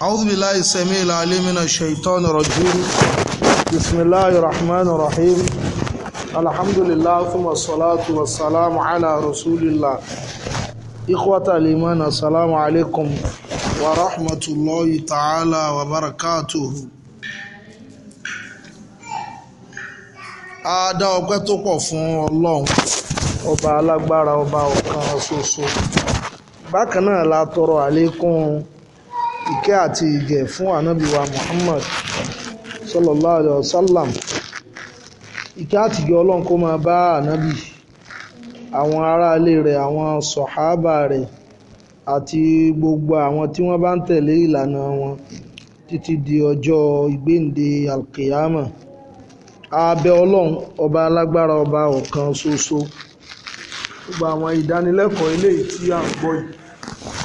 أعوذ بالله السميع العليم من الشيطان الرجيم بسم الله الرحمن الرحيم الحمد لله ثم الصلاة والسلام على رسول الله إخوة الإيمان السلام عليكم ورحمة الله تعالى وبركاته a dá ọpẹ́ tó pọ̀ fún ọlọ́run ọba alágbára ọba ọ̀kan ṣoṣo bákan náà la tọrọ àlékún ìkẹ́ àti ìgẹ̀ fún ànábì wa Muhammad sallallahu alaihi wasallam sallam ìkẹ́ àti ìgẹ̀ ọlọ́run kó máa bá ànábì àwọn aráalé rẹ̀ àwọn sọ̀hábà rẹ̀ àti gbogbo àwọn tí wọ́n bá ń tẹ̀lé ìlànà wọn títí di ọjọ́ ìgbéǹde alkiyama abẹ́ ọlọ́run ọba alágbára ọba ọ̀kan ṣoṣo gbogbo àwọn ìdánilẹ́kọ̀ọ́ eléyìí tí à ń gbọ́ yìí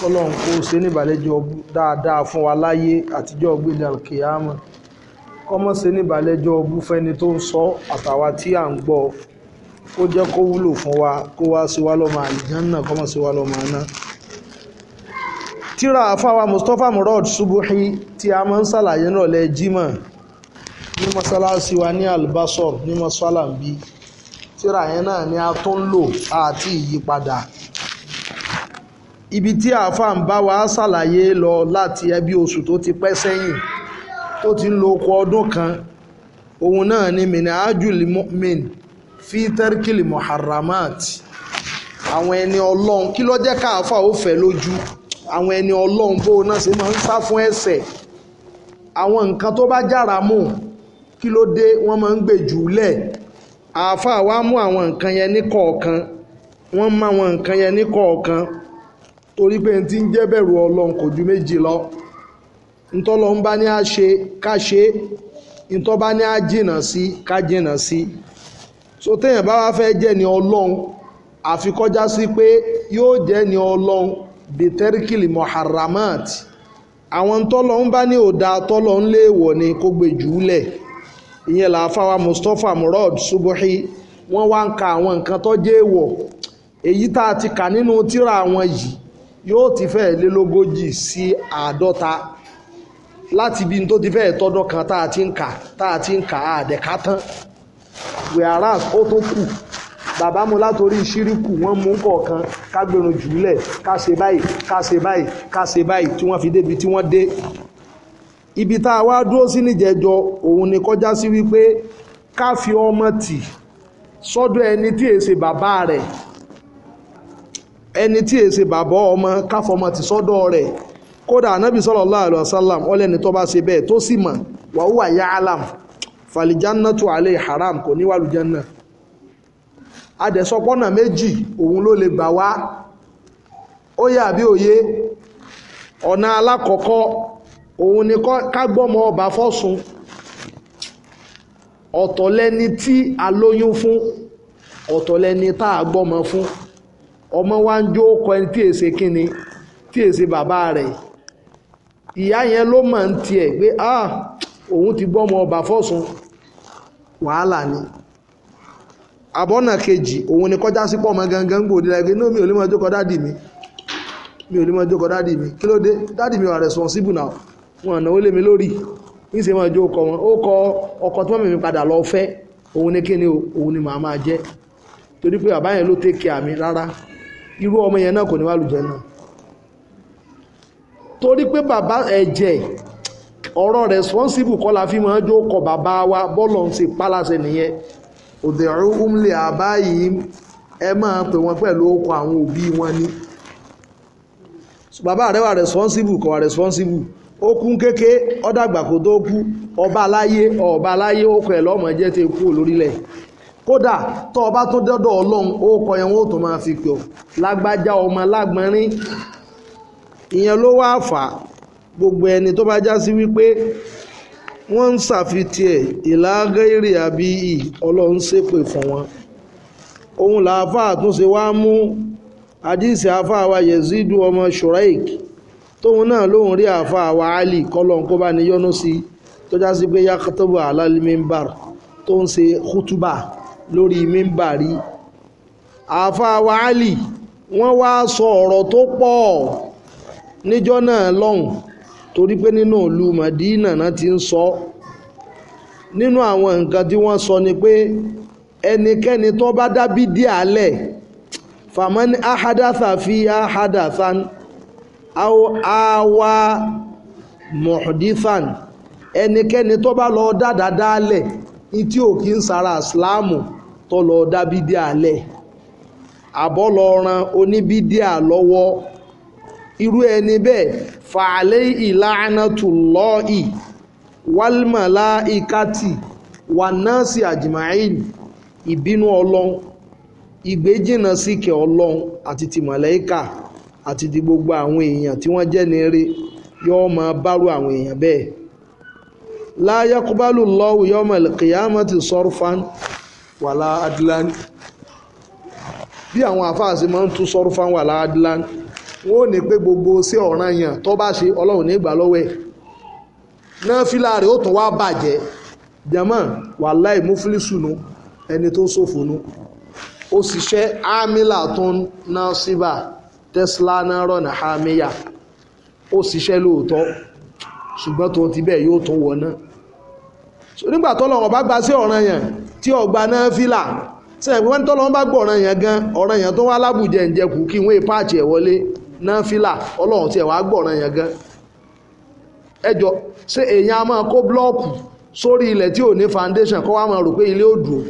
ọlọ́run kó ṣe níbàlẹ́jọ dáadáa fún wa láyé àtijọ́ gbélé alkiyama kọ́mọ́ ṣe níbàlẹ́jọ ọbú fẹ́ni tó ń sọ àtàwa tí à ń gbọ́ kó jẹ́ kó wúlò fún wa kó wá sí wa lọ́mọ àlìjánná kọ́mọ́ sí wa lọ́mọ àná. tíra àfáwa Mustapha Murad Subuhi tí a máa ń ṣàlàyé nírọ̀lẹ́ Jímọ̀ ní mọ́ṣáláṣí wa ní Albasor ní mọ́ṣáláṣí tíra yẹn náà ni a tó ń lò àti ìyípadà ibi tí àáfà ń bá wa ṣàlàyé lọ láti ẹbí oṣù tó ti pẹ́ sẹ́yìn tó ti ń lo oko ọdún kan òun náà ni minahajuli mu'min fi tẹ́ríkìlì muharramat àwọn ẹni ọlọ́run kí ló jẹ́ káàfà ó fẹ́ lójú àwọn ẹni ọlọ́run bó náà ṣe máa ń sá fún ẹ̀ṣẹ̀ àwọn nǹkan tó bá jára mú kí ló dé wọ́n máa ń gbè jùlẹ̀ àáfà wa mú àwọn nǹkan yẹn ní kọ̀ọ̀kan wọ́n mú àwọn nǹkan yẹn ní kọ̀ọ̀kan torí pé n ti ń jẹ́ bẹ̀rù ọlọ́run kò ju méjì lọ ntọ́lọ́ ń bá ní á ṣe ká ṣe ntọ́ bá ní á jìnà sí ká jìnà sí so téèyàn bá wá fẹ́ jẹ́ ni ọlọ́run àfi sí pé yóò jẹ́ ni ọlọ́run bìtẹ́ríkìlì muharramat àwọn tọ́lọ́ ń bá ní òdà tọ́lọ́ ń léèwọ̀ ni kó gbé jùúlẹ̀ ìyẹn làáfáwa Mustapha Murad Subuhi wọ́n wá ń ka àwọn nǹkan tó jẹ́ èèwọ̀ èyí tá a ti kà nínú tírà àwọn yìí yóò ti fẹ́ lé lógójì sí àádọ́ta láti ibi tó ti fẹ́ tọ́dọ̀ kan tá a ti ń kà tá a ti ń kà àdẹ̀ká tán whereas ó tó kù bàbá mu látòrí ṣíríkù wọ́n mú kọ̀ọ̀kan ká gbẹ̀rùn jùlẹ̀ ká ṣe báyìí ká ṣe báyìí ká ṣe báyìí tí wọ́n fi débi tí wọ́n dé ibi tá a wá dúró sí níjẹjọ òun ni kọjá sí wípé ká fi ọmọ tì sọ́dọ̀ ẹni tí èsè bàbá rẹ̀ ẹni tí èsì bàbá ọmọ káfọmọ ti sọdọ rẹ̀ kódà anabi sallallahu alaihi wasallam ọlẹ́ni tó bá ṣe bẹ́ẹ̀ tó sì mọ̀ wàhùwà yá alam fàlìjánnàtù alẹ́ haram kò ní wàlùjánnà adẹ̀sọpọ́nà méjì òun ló lè gbà wá ó yà bí òye ọ̀nà alákọ̀ọ́kọ́ òun ni kágbọ́mọ ọba fọ́sùn ọ̀tọ̀lẹ́ni tí a lóyún fún ọ̀tọ̀lẹ́ni tá a gbọ́mọ fún ọmọ wa ń jó kọ ẹni tí èsè kínni tí èsè bàbá rẹ̀ ìyá yẹn ló mọ̀ ń tiẹ̀ pé ah òun ti gbọ́mọ ọba fọ́sùn wàhálà ni àbọ̀nà kejì òun ni kọjá sípò ọmọ gangan gbòdì láì pé no mi ò lè mọ ọjọ́ kọ dádì mi mi ò lè mọ ọjọ́ kọ dádì mi kí ló dé dádì mi wà responsible now wọn àná ó lé mi lórí ní ṣe máa jó ọkọ wọn ó kọ ọkọ tí wọn mímí padà lọ fẹ́ òun ni kíni òun ni màá máa jẹ torí pé bàbá yẹn ló take care mi rárá irú ọmọ yẹn náà kò ní wà lùjẹ́ náà torí pé bàbá ẹ̀jẹ̀ ọ̀rọ̀ responsible kọ́ la fi máa jó kọ bàbá wa bọ́ọ̀lù ń ṣe pálásẹ̀ nìyẹn òdẹ̀rú umlẹ̀ àbáyìí ẹ máa pè wọ́n pẹ̀lú okọ̀ àwọn òbí wọn ni bàbá rẹ wà responsible kò wà responsible ó kú kéke ọ̀dàgbà kò tó kú ọba aláyé ọba aláyé ó kọ ẹ̀ lọ́mọ jẹ́ tẹ́ kú lórílẹ̀ kódà tó o bá tún dọ́dọ̀ ọlọ́run ó kọ yẹn wọn ó tún máa fi pè ọ́ lágbájá ọmọ lágbọ́nrín ìyẹn ló wá fà á gbogbo ẹni tó bá já sí wípé wọ́n ń ṣàfitiẹ̀ ìlàgẹ́rì àbí ọlọ́run ṣépè fún wọn òun làáfà àtúnṣe wá mú àdìsí àáfà wa Yezidu ọmọ Shuraik tóun náà lóun rí àáfà wa Ali kọlọ́n kó bá ní yọ́nú sí tó já sí pé yá kọ́tọ́bù alálímẹ́ńbàr tó ń ṣe kútúbà lórí mímbàrí àáfàá wàhálì wọ́n wá sọ ọ̀rọ̀ tó pọ̀ níjọ́ náà lọ́hùn torí pé nínú ìlú Madina náà ti ń sọ nínú àwọn nǹkan tí wọ́n sọ ni pé ẹnikẹ́ni tó bá dábí dí àlẹ̀ fàmọ́ni ahadatha fi ahadathan aw awa muhdithan ẹnikẹ́ni tó bá lọ dáadáa dálẹ̀ ìtí òkì ń sara ìsìláàmù tó lọ dá bídíà lẹ̀ àbọ̀ lọ ran oníbídíà lọ́wọ́ irú ẹni bẹ́ẹ̀ fàálẹ́ ìlànàtúlọ́ọ̀ì wálmàlá ìkátì wà náà sí àjìmáìn ìbínú ọlọ́run ìgbéjìnà síkẹ̀ ọlọ́run àti ti màláíkà àti ti gbogbo àwọn èèyàn tí wọ́n jẹ́ ní eré yóò máa bárò àwọn èèyàn bẹ́ẹ̀ la yakubalu llahu yawma alqiyamati sorfan wàlá adlan bí àwọn àfáàsì máa ń tún sorfan wàlá adlan wọn ò ní pé gbogbo sí ọ̀ràn yàn tó bá ṣe ọlọ́run nígbà lọ́wọ́ ẹ̀ náfìlà rẹ̀ ó tún wá bàjẹ́ jama wàláì muflisunu ẹni tó sòfònú ó ṣiṣẹ́ amila tó na ná síbà tesla náírà náà hamiya ó ṣiṣẹ́ lóòótọ́ ṣùgbọ́n tó ti bẹ́ẹ̀ yóò tún wọná so nígbà tọ́lọ́run bá gba sí ọ̀ràn tí ọgbà náà fílà sẹ́yìn wọ́n bá gbọ́ ọ̀ràn yẹn gan ọ̀ràn yẹn tó wá kí wọ́n wọlé náà fílà ọlọ́run gbọ́ ọ̀ràn gan ẹjọ́ ṣé èèyàn a máa kó blọ́ọ̀kù sórí ilẹ̀ tí ò ní foundation kọ́ wá máa rò pé ilé dùn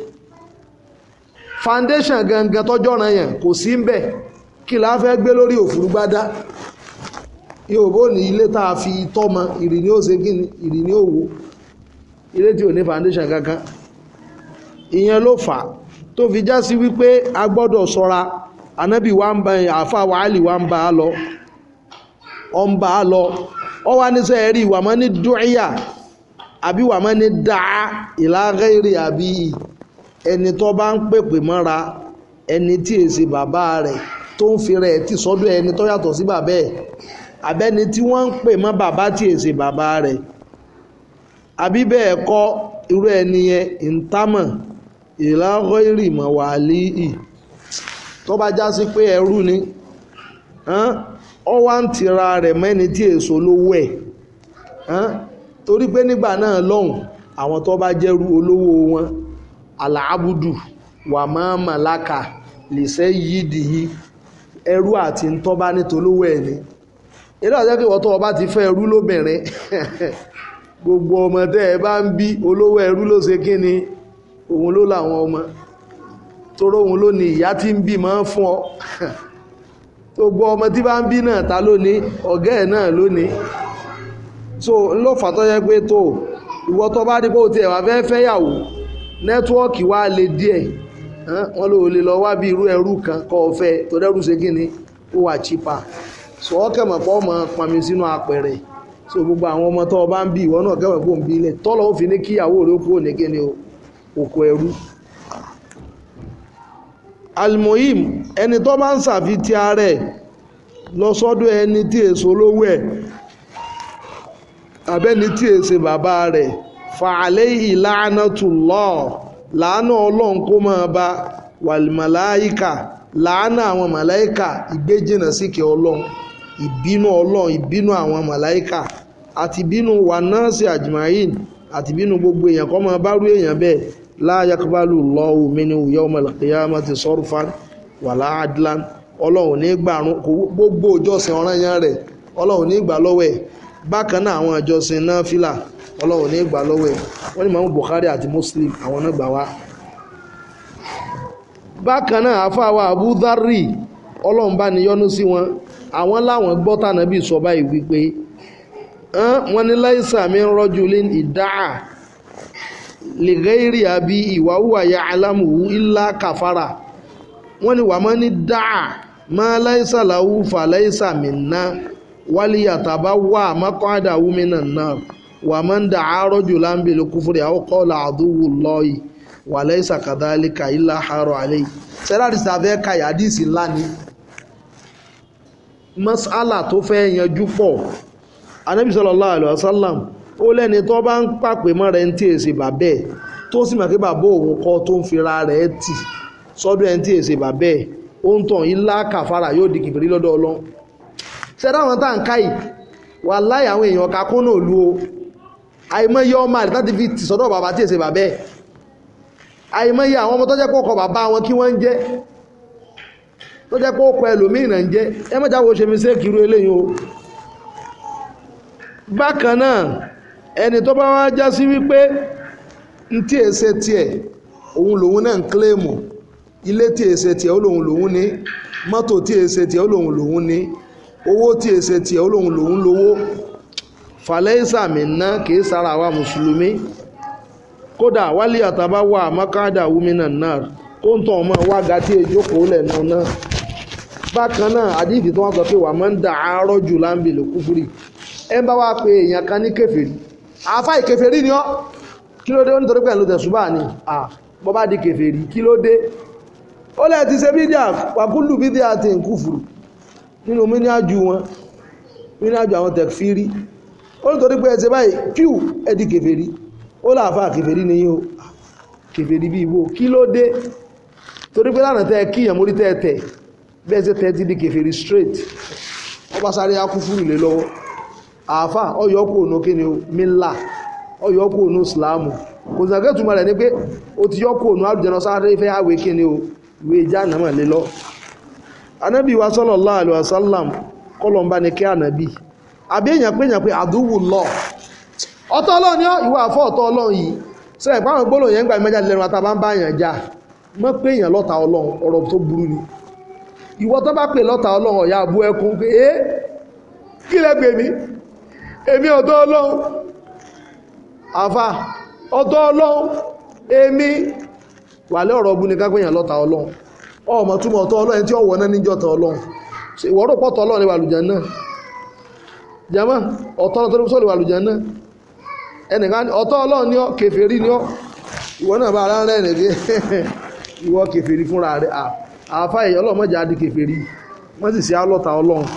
foundation gangan tọ́jọ́ ọ̀ràn yẹn kò sí ń bẹ̀ kí gbé yóòbó ní ilé tá a fi tọ́mọ ìrì ní òsè kí ni ìrì ní òwò ilé tí ò ní foundation kankan ìyẹn ló fà á tó fi já sí wípé a gbọ́dọ̀ ṣọ́ra anábì wa ń ba àfa wàhálì wa ń ba á lọ ọ ń ba á lọ ọ wá ní sẹ́yìn rí wàmọ́ ní dúnyà àbí wàmọ́ ní dáa ìlàgẹ́ àbí ẹni tó bá ń pèpè mọ́ra ẹni tí èsì bàbá rẹ̀ tó ń fi rẹ̀ ti sọ́dọ̀ ẹni tó yàtọ̀ sí bàbá ẹ̀ àbẹ́ni tí wọ́n ń pè mọ́ bàbá tí èsè bàbá rẹ̀ àbí bẹ́ẹ̀ kọ́ irú ẹni yẹn ń támọ̀ ìlànà ìrìmọ̀ wà líì tó bá já sí pé ẹrú ni ọ wá ń tira rẹ̀ mẹ́ni tí èso lówó ẹ̀ torí pé nígbà náà lọ́hùn àwọn tó bá jẹ́rú olówó wọn aláàbùdù wà máa màláka lè sẹ́ yídìí ẹrú àti ń tọ́ bá nítolówó ẹ̀ ni eré ọ̀sẹ̀ pé wọ́tọ́ ọba ti fẹ́ ẹrú lóbìnrin gbogbo ọmọ tẹ́ ẹ bá ń bí olówó ẹrú ló ṣe kí ni òun ló làwọn ọmọ toró òun ló ní ìyá tí ń bí máa ń fún ọ gbogbo ọmọ tí bá ń bí náà ta lónìí ọ̀gá ẹ̀ náà lónìí so ńlọ fàtọ́ yẹ pé tó ìwọ tó bá dípò tí ẹ̀wà fẹ́ẹ́ fẹ́yàwó nẹ́tíwọ́ọ̀kì wa le díẹ̀ wọ́n lò lè lọ wá bí irú ẹrú kan kọ́ ọ fẹ́ tó dẹ́rù ṣe kí ni ó wà chípa sọ ọ́ kẹ̀mọ̀ pọ́ mọ́ pami sínú so gbogbo àwọn ọmọ tó o ń bí ìwọ náà kẹ̀mọ̀ pò bí fi ní kíyàwó rẹ̀ ó kúrò ní òkú ẹrú almohim ẹni tó bá ń ṣàfitì ààrẹ lọ sọ́dọ̀ ẹni tí èso lówó ẹ̀ abẹ́ni tí èsè bàbá rẹ̀ fàálẹ́ ìlànà tù làánà kó máa bá wàlìmàláyíkà làánà àwọn màláyíkà ìgbéjìnà ìbínú ọlọ́run ìbínú àwọn màláìkà àti bínú wa nọ́ọ̀sì àjùmáyìn àti bínú gbogbo èèyàn kọ́ máa bá rú èèyàn bẹ́ẹ̀ láyàkúbálù lọ́wọ́ mi ní òye ọmọ ìlàkìyàmọ́ ti sọ́rùfán wà láàdìlán ọlọ́run ní gbà gbogbo ìjọsìn ọ̀ranyàn rẹ̀ ọlọ́run ní gbà lọ́wọ́ ẹ̀ bákan náà àwọn ìjọsìn náfìlà ọlọ́run ní gbà lọ́wọ́ ẹ̀ wọ́n ní Imam Bukhari àti Muslim àwọn náà gbà wá. bákan náà àfáà wa Abu Dharri ọlọ́run bá ní yọ́nú sí wọn àwọn láwọn gbọ́ tànàbí sọ báyìí wípé wọ́n ní láìsàn mi ń rọ́jú lé ìdáà lè gẹ́rì àbí ìwàhùwà ya alámùwú ńlá kàfàrà wọ́n ní wàmọ́ ní dáà má láìsàn làwù fà láìsàn mi ná wálé yàtàbá wà mọ́kọ́ àdàwù mi nà náà wàmọ́ ń dà àárọ̀ jù láńbẹ̀ ló kú fúri àwọn kọ́ lọ́ọ̀yì wà láìsàn kàdálíkà ìlà àárọ̀ àlẹ́ yìí sẹ́dáàdì sàfẹ́ kàyà àdìsí ńlá ni mas'ala tó fẹ́ yanjú pọ̀ anabi sallallahu alaihi wasallam ó lẹ́ni tó bá ń pàpè mọ́ rẹ̀ ń tí èsì bàbẹ́ tó sì mọ̀ pé bàbá òun kọ́ tó ń fira rẹ̀ tì sọ́dọ̀ ẹ̀ ń tí èsì bàbẹ́ ó ń tàn yín lákàfàrà yóò di kìbìrí lọ́dọ̀ ọlọ́run ṣẹ́dá àwọn tá à ń ká yìí wà láyé àwọn èèyàn ká kún náà lu o àìmọye ọmọ àti láti fi tì sọ́dọ̀ bàbá tí èsì bàbẹ́ àìmọye àwọn ọmọ tó jẹ́ pọ̀ kọ bàbá wọn kí wọ́n ń jẹ́ tó jẹ́ pé ó pẹ ẹlòmíì ń jẹ́ ẹ wo ṣe mi ṣe kiri eléyìí o bákan náà ẹni tó bá wá já sí wípé n tí è ṣe tiẹ̀ òun lòun náà ń kílèmù ilé tí è ṣe tiẹ̀ ó lòun lòun ní mọ́tò tí ṣe tiẹ̀ ó lòun lòun ní owó tí ṣe tiẹ̀ ó lòun lòun mi ná kìí sára mùsùlùmí kódà wálé wúmi náà náà ọmọ bákan náà àdìsí tí wọ́n sọ pé wà máa ń dà àárọ̀ jù láńbìlì kúfúrì ẹ ń bá wá pe èèyàn kan ní kèfèrí àáfà ìkèfèrí ni ọ́ kí ló dé ó nítorí pé ẹ̀ ló tẹ̀sùbà ni à bọ́ bá di kèfèrí kí ló dé ó lẹ́ ti ṣe bídíà wàkúlù bídíà ti ń kúfùrù nínú mínájú wọn mínájú àwọn tẹ̀fírí ó nítorí pé ẹ ṣe báyìí kíù ẹ di kèfèrí ó láàfà kèfèrí ni yín o kèfèrí bí ìwò kí ló dé torí pé lánàá tẹ́ kíyàn mórí tẹ́ tẹ̀ beze 30 ti di straight wọ́n bá sáré akúfúrú lé lọ́wọ́ àáfà ọ̀yọ́kù ònà kí ni mílà ọ̀yọ́kù ònà ìsìláàmù kò sì sàkẹ́ ìtumọ̀ rẹ̀ ni pé ó ti sáré fẹ́ o ìwé ìjà ànámọ̀ lé lọ. anábì wa sallallahu alaihi wasallam kọlọ̀mbá ni kí ànábì àbí èèyàn pé èèyàn pé àdúwù lọ ọ̀tọ̀ ni ìwà yìí ń bá já pé ni ìwọ tó bá pè lọ́ta ọlọ́run ọ̀yà àbú ẹkún pé é kí lẹ pè mí èmi ọ̀tọ̀ ọlọ́run àfà ọ̀tọ̀ ọlọ́run èmi wà lẹ́ ọ̀rọ̀ ọbú ni ká pèyàn lọ́ta ọlọ́run ọmọ túmọ̀ ọ̀tọ̀ ọlọ́run tí ọ̀wọ̀ náà níjọ́ tọ̀ ọlọ́run ìwọ rò pọ̀tọ̀ ọlọ́run ní wàlùjẹ́ náà jama ọ̀tọ̀ ọlọ́run tó ní wàlùjẹ́ náà ẹnìkan ọ̀tọ̀ ọlọ́run ní ọ kèfèrí ní ọ ìwọ náà bá ara rẹ̀ nìgbé ìwọ kèfèrí fúnra rẹ̀ à àáfàá ẹ̀yọ́ ọlọ́run mọ̀jà adìkè fèrè wọ́n sì ṣe alọ́ta ọlọ́run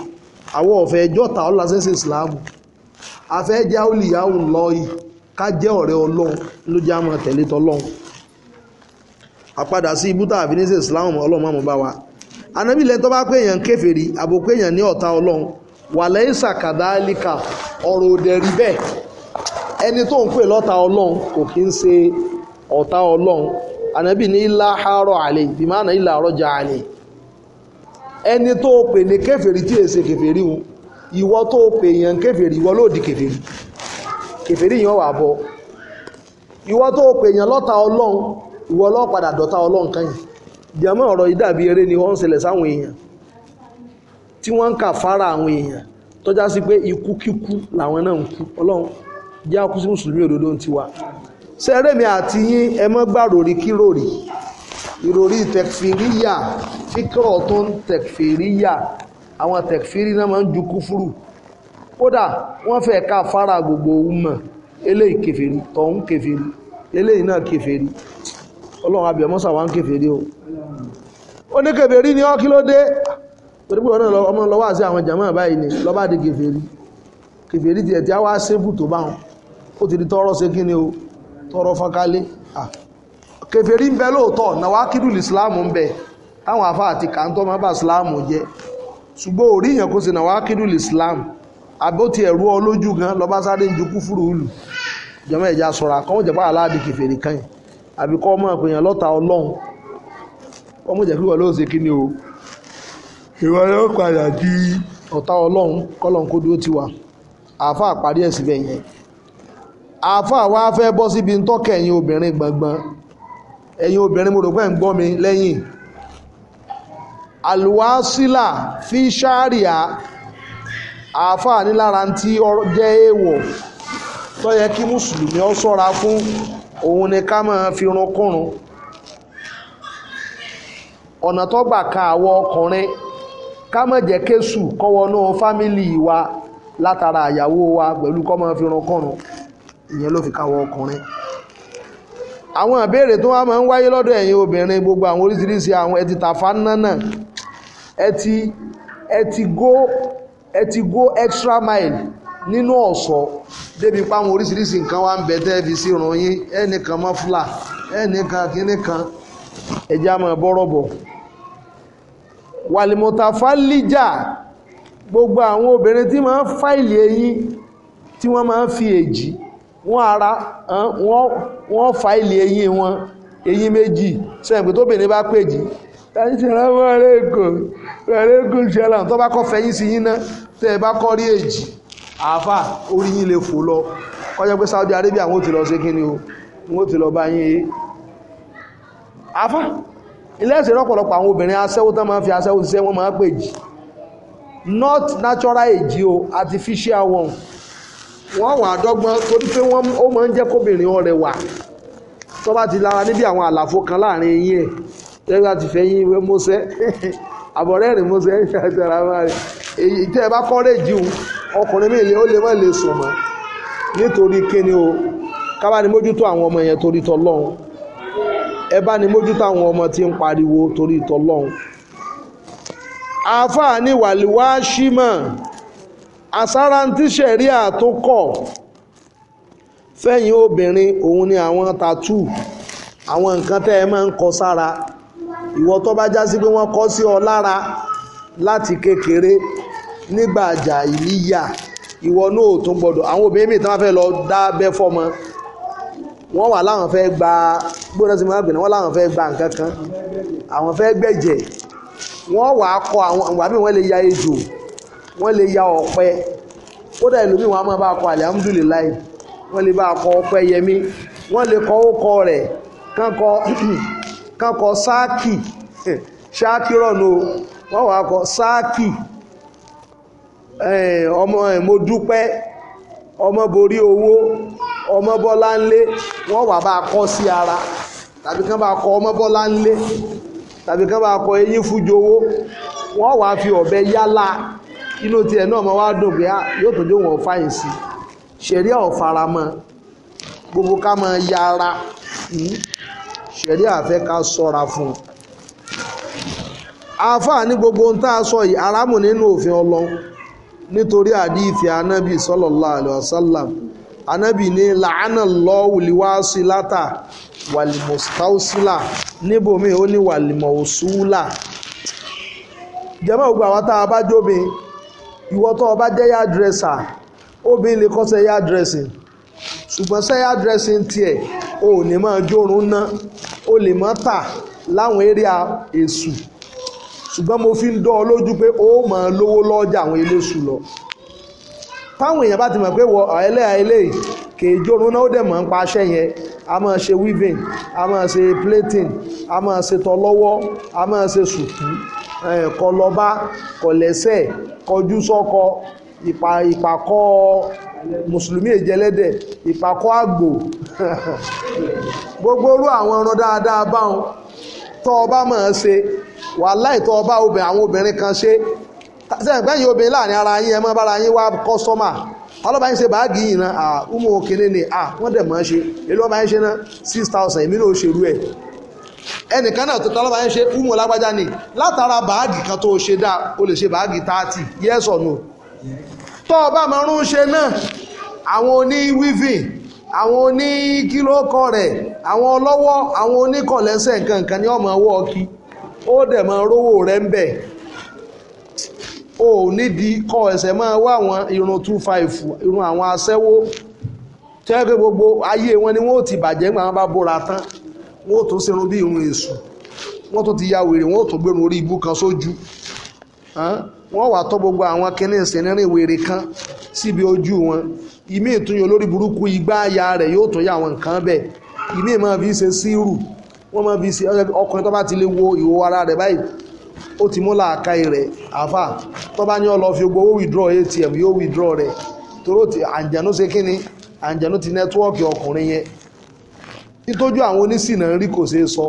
àwọn ọ̀fẹ́ ẹjọ́ ta ìsìláàmù lọ ká jẹ́ ọ̀rẹ́ ọlọ́run ló jẹ́ àmọ́ tẹ̀lé tọlọ́run àpadà sí àfinísẹ̀ ìsìláàmù ọlọ́run bá wa anábì bá pé èèyàn àbò pé èèyàn ní ọlọ́run wà lẹ́yìn ọ̀rọ̀ rí ànábì ní ilá àárọ̀ àlè na ilá àrọ́jà àlè ẹni tó pè ní kèfèrí tí èsè kèfèrí wọn ìwọ tó pè yàn kèfèrí ìwọ ló di kèfèrí kèfèrí yàn wà bọ ìwọ tó pè yàn lọ́ta ọlọ́run ìwọ ló padà dọ̀ta ọlọ́run kan yìí jẹ́mọ́ ọ̀rọ̀ ìdàbí eré ni wọ́n ń ṣẹlẹ̀ sáwọn èèyàn tí wọ́n fara àwọn èèyàn tọ́já sí pé ikú kíkú làwọn náà ń kú ọlọ́run jẹ́ akú sí mùsùlùmí òdodo ń sẹ́rẹ̀mí àti yín ẹ mọ́ gbà ròrí kí ròrí ìròrí tẹ̀fìríyà fíkọ̀ tó ń tẹ̀fìríyà àwọn tẹ̀fìrí náà máa ń ju kúfúrù kódà wọ́n fẹ́ ká fara gbogbo ọmọ eléyìí kèfèrí tọ̀hún kèfèrí eléyìí náà kèfèrí ọlọ́run abiyamọ́sà wá ń kèfèrí o ó ní ni ọ́ kí ló dé torípé ọ̀nà ọmọ lọ́wọ́ àti àwọn jàmáà báyìí ni lọ́bàá di kèfèrí kèfèrí tiẹ̀ tí a wá sébù tó báwọn ó ti di tọ́rọ́ ṣe kí ni o tọrọ fọ́nkálé kèfèrí ń bẹ lóòótọ́ nàwákìdùl ìsìláàmù ń bẹ táwọn afá àti kàńtọ́ máa bá ìsìláàmù jẹ ṣùgbọ́n orí èèyàn kò sí nàwákìdùl ìsìláàmù àbótí ẹ̀rú ọlójú gan lọ́ba sáré ń ju kúfúrú ìlú ìjọba ìjà sọ̀rọ̀ kèfèrí kan yìí àbí kọ́ ọmọ lọ́ta ọlọ́run ọmọ àáfàá wa fẹ́ bọ́ síbi ń tọ́kẹ̀ ẹ̀yin obìnrin gbọ̀ngbọ̀n ẹ̀yin obìnrin mo rò pé ń gbọ́ mi fi ṣáàrìà àáfàá ní lára ọ jẹ́ èèwọ̀ tó yẹ kí mùsùlùmí ọ ṣọ́ra fún òun ni ká máa fi runkúrun ọ̀nà tó gbà ka ọkùnrin ká jẹ́ kéṣù wa látara àyàwó wa pẹ̀lú kọ́ máa ìyẹn ló fi káwọ ọkùnrin àwọn ìbéèrè tó wá máa ń wáyé lọ́dọ̀ ẹ̀yin obìnrin gbogbo àwọn oríṣiríṣi àwọn ẹ ti tàfà nánà ẹ ti go ẹ ti go extra mile nínú ọ̀sọ́ débi pa àwọn oríṣiríṣi nǹkan wá ń bẹ tẹ́ fi sí irun yín ẹnìkan mọ́fúlà ẹnìkan kínníkan ẹja máa bọ́rọ̀ bọ̀ wàlìmọ̀tàfà lìjà gbogbo àwọn obìnrin tí máa ń fáìlì eyín tí wọ́n máa ń fi èjì wọ́n ara wọ́n fáìlì eyín wọn eyín méjì sẹ́yìnpé tóbìnrin bá péjì tàbí sàlámù aláìkùm aláìkùm sàlámù tó bá kọ́ fẹ̀yìn sí yín náà tẹ́ ẹ bá kọ́ rí èjì àáfà orí yín lè fò lọ kọjá pé Saudi Arabia wọ́n ti lọ sí kíni o wọ́n ti lọ bá yín yé àáfà ilé ẹ̀sìn lọ́pọ̀lọpọ̀ àwọn obìnrin aṣẹ́wó tán máa ń fi aṣẹ́wó ṣiṣẹ́ wọ́n máa ń péjì not natural èjì o artificial one wọ́n wà dọ́gbọ́n torí pé wọ́n ó máa ń jẹ́ kóbìnrin ọ̀rẹ́ wà tó bá ti lára níbi àwọn àlàfo kan láàrin eyín ẹ̀ tẹ́lẹ̀ bá ti fẹ́ yín ìwé mọ́sẹ́ àbọ̀rẹ́rìn mọ́sẹ́ ṣàtàrà máa rẹ̀ èyí tẹ́ ẹ bá kọ́rẹ́jì o ọkùnrin mi ò lè má lè sùn mọ́ nítorí kíni o ká bá ní mójútó àwọn ọmọ yẹn torí tọlọ́hún ẹ bá ní mójútó àwọn ọmọ tí ń pariwo torí tọlọ́hún àáfàá ní wàlíwá ṣímọ̀ àsára tí ṣẹ̀ríà tó kọ̀ fẹ́yìn obìnrin òun ni àwọn tàtú àwọn nǹkan tẹ́ ẹ máa ń kọ sára ìwọ tó bá já sí pé wọ́n kọ́ sí ọ lára láti kékeré nígbà àjà ìlíyà ìwọ náà tún gbọdọ̀ àwọn obìnrin míì tí wọ́n fẹ́ lọ dábẹ́ fọ́mọ wọ́n wà láwọn fẹ́ gba gbọ́dọ̀ sí máa gbìnà wọ́n láwọn fẹ́ gba nǹkan kan àwọn fẹ́ gbẹ̀jẹ̀ wọ́n wà á kọ àwọn àwọn àbí wọ́n lè ya ejò wọ́n lè ya ọ̀pẹ kódà ìlú míì wọ́n á máa bá a kọ alihamudulilayi wọ́n lè bá a kọ ọpẹ yẹmí wọ́n lè kọ ókọ rẹ̀ kankọ sáàkì sáàkì rọ̀nù wọ́n wàá kọ sáàkì ọmọ mo dúpẹ́ ọmọ borí owó ọmọ bọ́lá ńlé wọ́n wàá bá a kọ sí ara tàbí kán bá a kọ ọmọ bọ́lá ńlé tàbí kán bá a kọ eyín fújowó wọ́n wàá fi ọ̀bẹ yálà inú tiẹ̀ náà máa wá dùn pé ah, yóò tó dé wọn fáyìn sí ṣẹ̀ríà ò faramọ́ gbogbo ká máa yára hmm? ṣẹ̀ríà fẹ́ ká sọ́ra fún un àáfàá ní gbogbo ohun tá a sọ yìí aráàmù nínú òfin ọlọ́run nítorí àdíìfì anábì sallallahu alaihi wasallam anábì ní làánà lọ́wùlíwáṣílátà wàlìmọ̀sáúsílà níbòmí ó ní wàlìmọ̀ọ́súlà jẹ́mọ́ gbogbo àwọn tá a bá jóbin ìwọ tó bá jẹ́ yá dírẹ́sà obìnrin lè kọ́ sẹ́ yá dírẹ́sìn ṣùgbọ́n sẹ́ yá dírẹ́sìn tiẹ̀ o ò ní máa jórun ná o lè máa tà láwọn area èṣù ṣùgbọ́n mo fi ń dán ọ lójú pé ó máa lówó lọ́jà àwọn eléṣù lọ táwọn èèyàn bá ti mọ̀ pé wọ ẹlẹ́yà eléyìí kèé jórun náà ó dẹ̀ mọ̀ ń pa aṣẹ́ yẹn a máa ṣe weaving a máa ṣe plaiting a máa ṣe tọ́lọ́wọ́ a máa ṣe sùkú kọlọba eh, kọlẹ́sẹ̀ kọjú sọ́kọ ìpàkọ́ mùsùlùmí èjẹlẹ́dẹ̀ ìpàkọ́ àgbò gbogbo orú àwọn ọ̀rọ̀ dáadáa báwọn tọ́ ọba máa ṣe wàláì tọ́ ọba àwọn obìnrin kan ṣe sẹ́yìnbẹ́yìn obìnrin láàrin ara yín ẹ mọ́ bára yín wá kọ́sọ́mà ọlọ́ba yín ṣe báàgì yìí náà umu okene ni wọ́n dẹ̀ mọ́ ṣe èlò ọba yín ṣe náà six thousand èmi náà ó ṣerú ẹ̀ ẹnìkan náà tó tọ́lọ́ba yẹn ṣe umu lágbájá ni látara báàgì kan tó ṣe dáa o lè ṣe báàgì thirty yes or no tọ́ ọba márùn-ún ṣe náà àwọn oní weaving àwọn oní kílókọ rẹ̀ àwọn ọlọ́wọ́ àwọn oníkọ̀lẹ́sẹ̀ nǹkan nǹkan ní ọmọ wọ́ọ̀kì ó dẹ̀ máa rówó rẹ̀ ń bẹ̀ o ò nídìí kọ ẹsẹ̀ máa wá àwọn irun two five irun àwọn aṣẹ́wó tẹ́gbẹ́ gbogbo ayé wọn ni wọ́n ti bàjẹ́ nígbà wọn bá bóra tán wọ́n tó ṣerun bí irun èṣù wọ́n tó ti ya wèrè wọ́n tó gbẹ̀rún orí ibú kan sójú wọ́n wà tọ́ gbogbo àwọn kẹ́ni ìsìnrìn wèrè kan síbi ojú wọn ìmí ìtúnyìn olórí burúkú igbá aya rẹ̀ yóò tún yà wọn nǹkan bẹ́ẹ̀ ìmí máa fi ṣe sírù wọ́n máa fi ṣe ọkùnrin tó bá ti lè wo ìwò ara rẹ̀ báyìí ó ti mú làákà rẹ̀ àfà tó bá ní ọ lọ fi gbowó owó withdraw atm yóò withdraw rẹ̀ toró ti àǹjànú ṣe kíni àǹjànú ti nẹ́tíwọ́ọ̀kì ọkùnrin yẹn títójú àwọn onísìnà rí kò sọ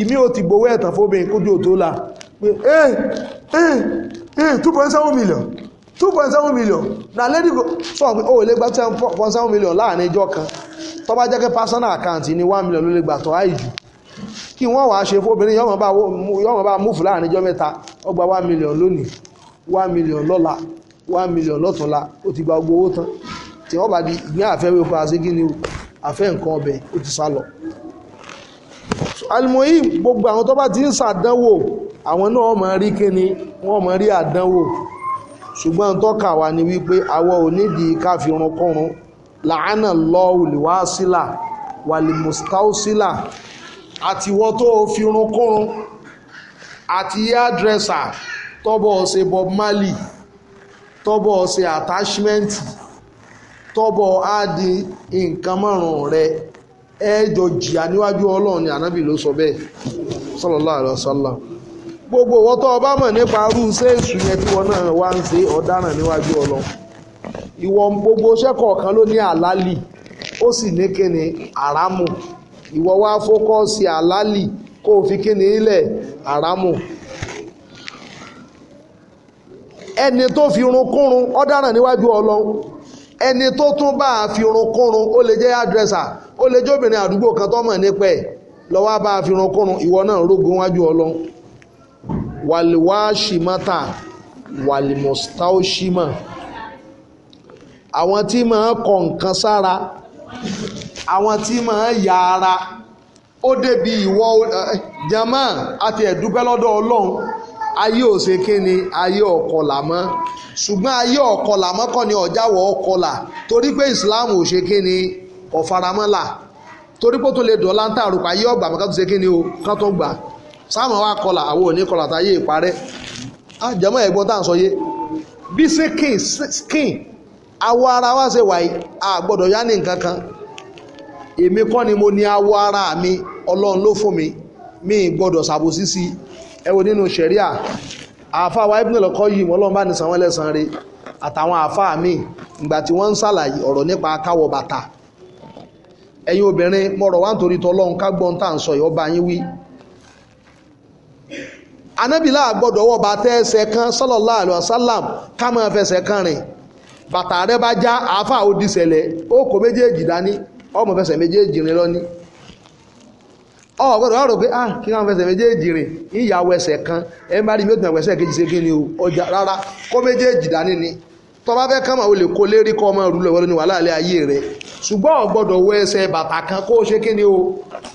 ìmí ò ti gbowó ẹ̀tàn fóbìnrin kójú ò tó là pé eh, eh, eh, two million two million na lady go sọ pé oh, o ò lè gba two million láàrin kan tó bá jẹ́ pé personal account ni one million ló lè ha iju kí wọ́n ṣe fóbìnrin yọ́mọ̀ bá múfù láàrin mẹ́ta one million lónìí one million lọ́la one million ó ti gba tán tí wọ́n bá di ìgbín àfẹ́wé àfẹ́ nǹkan ọbẹ̀ ó ti sá lọ. alimoyi gbogbo àwọn tó bá ti ń ṣàdánwò àwọn náà máa rí kíni wọ́n máa rí àdánwò ṣùgbọ́n tọ́ka wa ni wípé àwọ̀ onídìí ká fi runkúrun làánà lọ́wọ́ lìwàásílà wàlìmùsítáùsílà àtiwọ́ tó fi runkúrun àti hairdresser tọ́bọ̀ ọ̀sẹ̀ Bob Marley tọ́bọ̀ ọ̀sẹ̀ attachment tọ́bọ̀ á di nǹkan márùn-ún rẹ ẹjọ jìyà níwájú ọlọ́run ni ànábì ló sọ bẹ́ẹ̀ sallallahu alaihi wasallam gbogbo ìwọ tó bá mọ̀ nípa irú sẹ́ẹ̀sù yẹn tí wọ́n náà wá ń ṣe ọ̀daràn níwájú ọlọ́run ìwọ gbogbo iṣẹ́ kọ̀ọ̀kan ló ní àlálì ó sì ní kíni àrámù ìwọ wá fókọ́ọ̀sì àlálì kó o fi kíni ilẹ̀ àrámù ẹni tó fi runkúrun ọ̀daràn níwájú ọlọ́run ẹni tó tún bá a fi irun kúrun ó lè jẹ́ àdírẹ́sà ó lè jẹ́ obìnrin àdúgbò kan tó mọ̀ nípa ẹ̀ lọ́wọ́ bá a fi irun kúrun ìwọ náà rógun wájú ọlọ́run wàlíwáṣímátà wàlímọ̀stáóṣímà àwọn tí máa kọ nǹkan sára àwọn tí máa ya ara ó débi ìwọ eh, jama àti ẹ̀dúpẹ́ ọlọ́run ayé òsè kíni ayé ọ̀kọlà mọ́ ṣùgbọ́n ayé ọ̀kọlà mọ́ kọ́ ni ọ̀jáwọ̀ ọ̀kọlà torí pé Islam ò ṣe kíni ọ̀faramọ́là torí pé ó tún lè dọ̀ọ́ láńtà àrùpà ayé ọ̀gbà mọ́ ká tún ṣe kíni o ká tún gbà sáàmù wa kọlà àwọn òní kọlà táyé ìparẹ́ ah, àjẹmọ́ ẹ̀gbọ́n tá à ń sọ yé bí skin skin awọ ara wa ṣe a àgbọ̀dọ̀ yá ní nǹkan kan èmi kọ́ ni mo ní awọ ara mi Ọlọ́run ló fún mi mi gbọ́dọ̀ ṣàbòsí sí i ẹ ninu nínú ṣẹ̀ríà àáfàá wa ibùdó lọ́kọ́ yìí wọ́n lọ́n bá ní sanwó lẹ́sàn-án àtàwọn àáfàá míì ìgbà tí wọ́n ń ṣàlàyé ọ̀rọ̀ nípa káwọ̀ bàtà ẹ̀yin obìnrin mọ̀rọ̀ wá nítorí tọ́lọ́run ká gbọ́n tá à ń sọ yín wí. anábìlá kan sallallahu alaihi wasallam ká máa fẹsẹ̀ kan rìn bàtà rẹ bá já àáfàá o di ó lọ ọ̀gbọ́dọ̀ wà rò pé ah kí wọ́n fẹsẹ̀ méjèèjì rìn ìyàwó ẹsẹ̀ kan ẹ̀ ń bá rí mi ó tún ẹ̀wẹ̀sẹ̀ kejì ṣe kí ni o ọjà rárá kó méjèèjì dání ni tọ́ba fẹ́ kàn máa o lè kó lérí kọ́ ọmọ rúlọ̀ wọlé ní wàhálà ilé ayé rẹ̀ ṣùgbọ́n ọ̀gbọ́dọ̀ wọ ẹsẹ̀ bàtà kan kó o ṣe kí ni o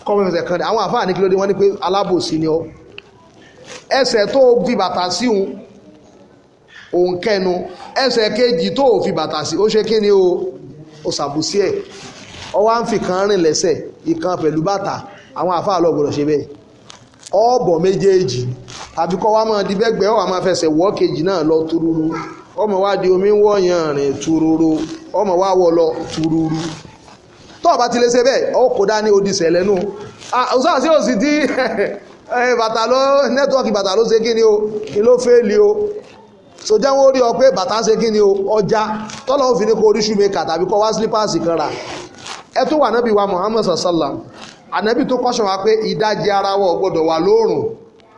kọ́ ọmọ ẹsẹ̀ kan rẹ̀ àwọn àfáà ní kí ló dé wọ́n ní pé alábòsí ni ọ ẹsẹ̀ tó fi bàtà sí òun òun kẹnu ẹsẹ̀ kejì tó fi bàtà sí ó ṣe kí ni o ó ṣàbùsí ẹ̀ à ń fi kan rìn lẹ́sẹ̀ ìkan pẹ̀lú bàtà àwọn àfáà lọ gbọ́dọ̀ ṣe bẹ́ẹ̀ ọ̀bọ̀ méjèèjì àbí kọ́ wa máa di bẹ́gbẹ́ ọ̀ wa máa fẹsẹ̀ wọ́ kejì náà lọ túrúrú ọmọ wa di omi ń wọ̀yàn rìn túrúrú ọmọ wa wọ̀ lọ túrúrú tó o bá ti lè ṣe bẹ́ẹ̀ ọ kò dá ní odi sẹ̀lẹ̀ nù ọ̀sán àti òsì tí bàtà ló nẹ́tíwọ́ọ̀kì bàtà ló ṣe kí ni o kí ló fẹ́ li o sojá wọn rí ọ pé bàtà ṣe kí ni o ọjà tọ́lọ́ òfin ni kò oríṣi mẹ́ka tàbí kọ́ wá sílípàsì kan rà ẹ tó wà nábì wa Muhammad sallam ànábì tó kọ́ṣọ̀ wa pé ìdajì ara wa gbọ́dọ̀ wà lóòrùn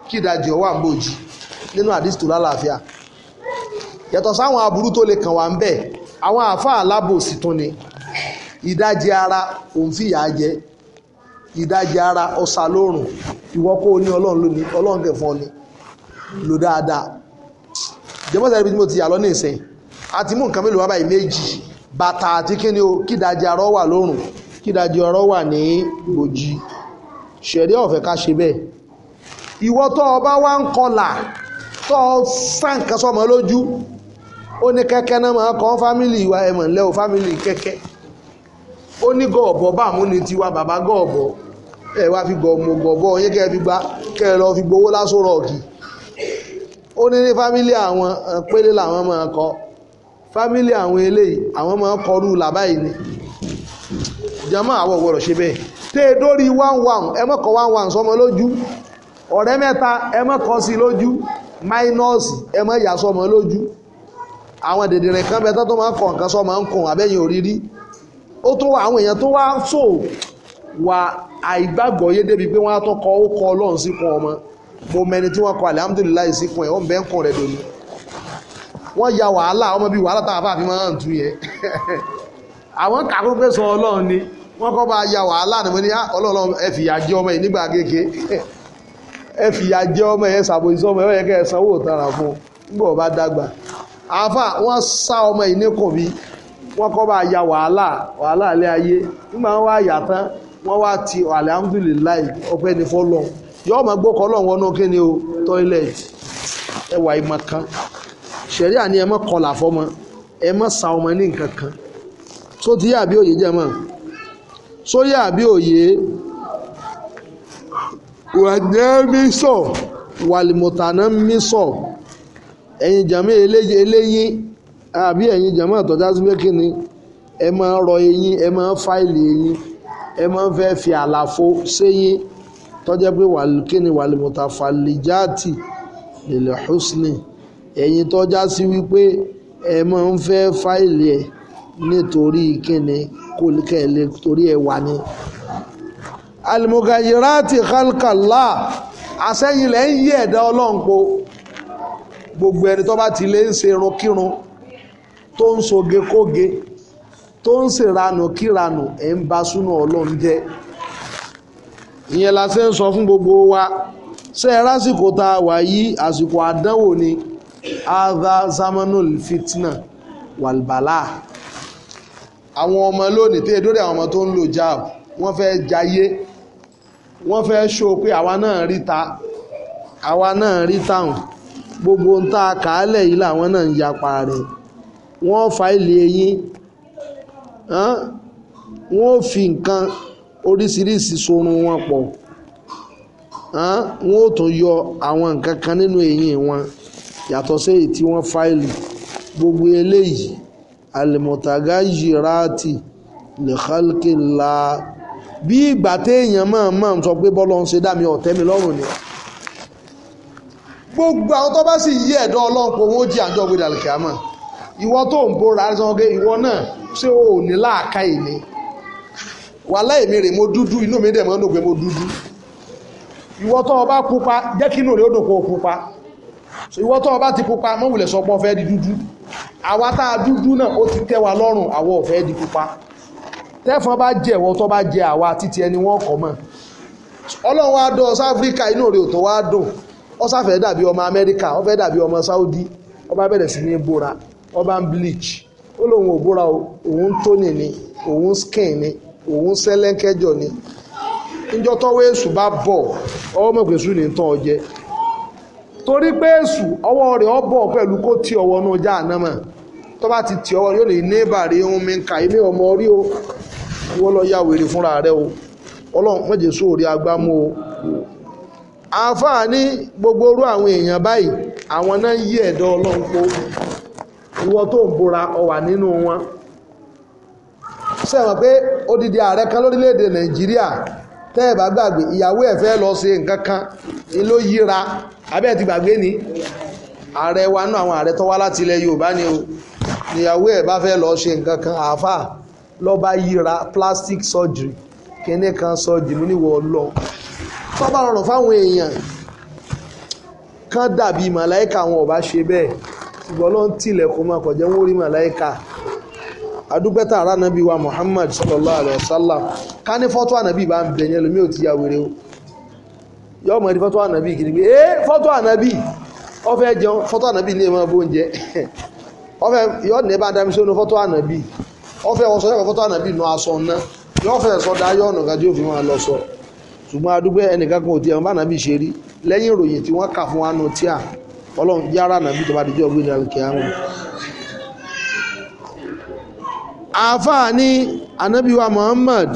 kí ìdajì ọwà ń bòjì nínú àdìsí tó lálàáfíà yàtọ̀ sáwọn aburú tó lè kàn wá ń bẹ̀ àwọn àáfàá alábòsí tún ni ìdajì ara òun fìyà jẹ ìdajì ara ọ̀sà lóòrùn ìwọ kó o ní ọlọ́run lónìí ọlọ́run kẹfọ́ ni lò dáadáa jẹ́mọ́ sẹ́ni mo ti yà lọ ní ìsìn àti mú nǹkan mélòó wá báyìí méjì bàtà àti kíni o kí ìdajì ara wà lóòrùn kídájí ọ̀rọ̀ wà ní gbòjì ṣẹ̀rí ọ̀fẹ́ ká ṣe bẹ́ẹ̀ ìwọ tó o bá wá ń kọlà tó o sáǹkà sọmọ lójú ó ní kẹ́kẹ́ náà máa kọ́ fámìlì ìwà ẹ̀mọ̀ ńlẹ́ o fámìlì kẹ́kẹ́ ó ní gọ̀ọ̀bọ̀ bá mú ni tiwa bàbá gọ̀ọ̀bọ̀ ẹ wá fi gọ̀ọ̀mù gọ̀ọ̀bọ̀ yẹ kẹ́ fi gba kẹ́ lọ fi gbowó lásò rọ̀ọ̀kì ó ní ní fámìlì àwọn pélé làwọn máa kọ fámìlì àwọn eléyìí àwọn máa kọrú làbáyìí ni jama awo gbọ́dọ̀ ṣe bẹ́ẹ̀ tẹ́ ẹ dórí one one ẹ mọ̀kọ́ one one sọmọ lójú ọ̀rẹ́ mẹ́ta ẹ mọ̀kọ́ sí lójú máínọ́ọ̀sì ẹ mọ̀ yà sọmọ lójú àwọn dèdèrè kan bẹ tó máa ń kọ̀ nǹkan sọmọ ń kùn abẹ́yìn òrírí ó tún wà àwọn èèyàn tó wá sò wà àìgbàgbọ́ yé débi pé wọ́n á tún kọ ó kọ ọlọ́run síkùn ọmọ kọ alihamudulilayi síkùn ẹ̀ ó ń bẹ́ ń kùn rẹ̀ dòní wọ́n ya wàhálà ọmọ bíi wàhálà táwọn afáàfin máa ń tu yẹn àwọn kàkó pé sọ ọlọ́run ni wọ́n kọ́ bá ya wàhálà ni mo ní ah, ọmọ nígbà kéke ẹ̀fìyà ọmọ yẹn ṣàbòsí ọmọ yẹn kẹ́ sanwó tara fún nígbà ọba dàgbà àáfà wọ́n sá ọmọ yìí nìkan wọ́n kọ́ ya wàhálà wàhálà ayé nígbà wọn wá yà wọ́n wá ti ọpẹ́ ní fọlọ́ yọ ọmọ gbọ́ kọ́ lọ́wọ́ sóyà àbí òye wàjẹ́mísọ̀ wàlìmọ̀tànámísọ̀ ẹ̀yin jàmí eléyín àbí ẹ̀yin jàmí àtọ́já sí pé kíni ẹ máa rọ eyín ẹ máa fáìlì eyín ẹ máa fẹ́ fi àlàfo séyín tọ́jẹ́ pé kíni wàlìmọ̀tàfàlìjáàtì lèlè húsìnì ẹ̀yin tọ́já sí wípé ẹ máa ń fẹ́ fáìlì ẹ̀ nítorí kíni kò ní kẹ́ ẹ lè torí ẹ wà ní. alimogajirati khalkala àsẹ́yìn lẹ́ ń yí ẹ̀dá ọlọ́run po gbogbo ẹni tó bá ti lè ń ṣe irunkírun tó ń soge kóge tó ń ṣèranù kíranù ẹ̀ ń ba súnà ọlọ́run ìyẹn la ṣe ń sọ fún gbogbo wa ṣe é lásìkò tá a wà yí àsìkò àdánwò ni adha zamanul fitna walbala àwọn ọmọ lónìí tí èdórí àwọn ọmọ tó ń lò jab wọ́n fẹ́ jayé wọ́n fẹ́ ṣó pé àwa náà rí ta àwa náà rí táwọn gbogbo ń tá a kàálẹ̀ yìí làwọn náà ń yapa rẹ̀ wọ́n fáìlì eyín wọ́n fi nǹkan oríṣiríṣi sorun wọn pọ̀ wọ́n ó tún yọ àwọn nǹkan kan nínú eyín wọn yàtọ̀ sí èyí tí wọ́n fáìlì gbogbo eléyìí alimutagayirati lẹ́kàlkìlá bí ìgbà téèyàn máa máa sọ pé bọ́lọ́ ń ṣe dámi ọ̀tẹ́ mi lọ́rùn ni gbogbo àwọn tó bá sì yí ẹ̀dọ́ ọlọ́run pé wọ́n jí àjọ gbé dàlùkì àmọ́ ìwọ tó ń bóra ẹ̀ sọ́kẹ́ ìwọ náà ṣé o ò ní láàka ìní wàhálà èmi rè mo dúdú inú mi dẹ̀ mọ́ ló pé mo dúdú ìwọ tó o bá pupa jẹ́ kí inú rẹ̀ ó dòpò pupa ìwọ tó o bá ti pupa mọ́wùlẹ̀ sọ pé o fẹ́ di dúdú àwa tá a dúdú náà ó ti tẹ́ lọ́rùn àwọ̀ ọ̀fẹ́ di pupa tẹ́fọn bá ba ìwọ tó bá jẹ àwa títí ẹni wọ́n kọ̀ mọ́ ọlọ́run wá dán ọ̀sá áfíríkà inú rẹ̀ tó wá dùn ọ̀sá fẹ́ dàbí ọmọ amẹ́ríkà ó fẹ́ dàbí ọmọ saudi ó bá bẹ̀rẹ̀ sí ní bóra ó bá ń bleach ó lóun ò bóra òun tóní ni òun skin ni ni tọ́wọ́ bá bọ̀ ọwọ́ tó bá ti tì ọwọ́ yóò lè ní ìbàrí ohun mi kà ilé ọmọ rí o wọ́n lọ ya wèrè fúnra rẹ o ọlọ́run méje sún òrí agbámú o àáfàá ní gbogbo orú àwọn èèyàn báyìí àwọn náà yí ẹ̀dọ́ ọlọ́run po ìwọ tó ń bora ọwà nínú wọn sẹ́wọ̀n pé odidi ààrẹ kan lórílẹ̀‐èdè nàìjíríà tẹ́ bá gbàgbé ìyàwó ẹ̀ fẹ́ lọ ṣe nǹkan kan ló yíra abẹ́ẹ̀ ti gbàgbé ni ààrẹ wa náà àwọn ààrẹ tó wá láti ilẹ̀ yorùbá ni o níyàwó ẹ̀ bá fẹ́ lọ ṣe nǹkan kan àáfà bá yíra plastic surgery kan surgery mo lọ bá rọrùn fáwọn èèyàn kan dàbí màláìka àwọn ọba ṣe bẹ́ẹ̀ ṣùgbọ́n ló ń tilẹ̀kùn máa kọjá rí màláìka adúgbẹ́ta wa Muhammad sallallahu wa fọ́tò bá ń o yọ ọmọ ẹni fọ́tò ee fọ́tò fẹ́ jẹun fọ́tò ní ẹ̀ máa ọfẹ yọ ní bá dami sínú fọ́tò ànábì ọfẹ wọ́n sọ yọ fọ́tò ànábì nù asọ ná yọ fẹ sọdá yọ ọ̀nà kan tí yóò fi máa lọ sọ ṣùgbọ́n adúgbò ẹnìkan kan ò tiẹ̀ wọn bá ànábì ṣe rí lẹ́yìn ìròyìn tí wọ́n kà fún wa nù tíà ọlọ́run yára ànábì tó bá dijọ́ gbé ní alùkìyàmù. àáfàá ní ànábì wa Muhammad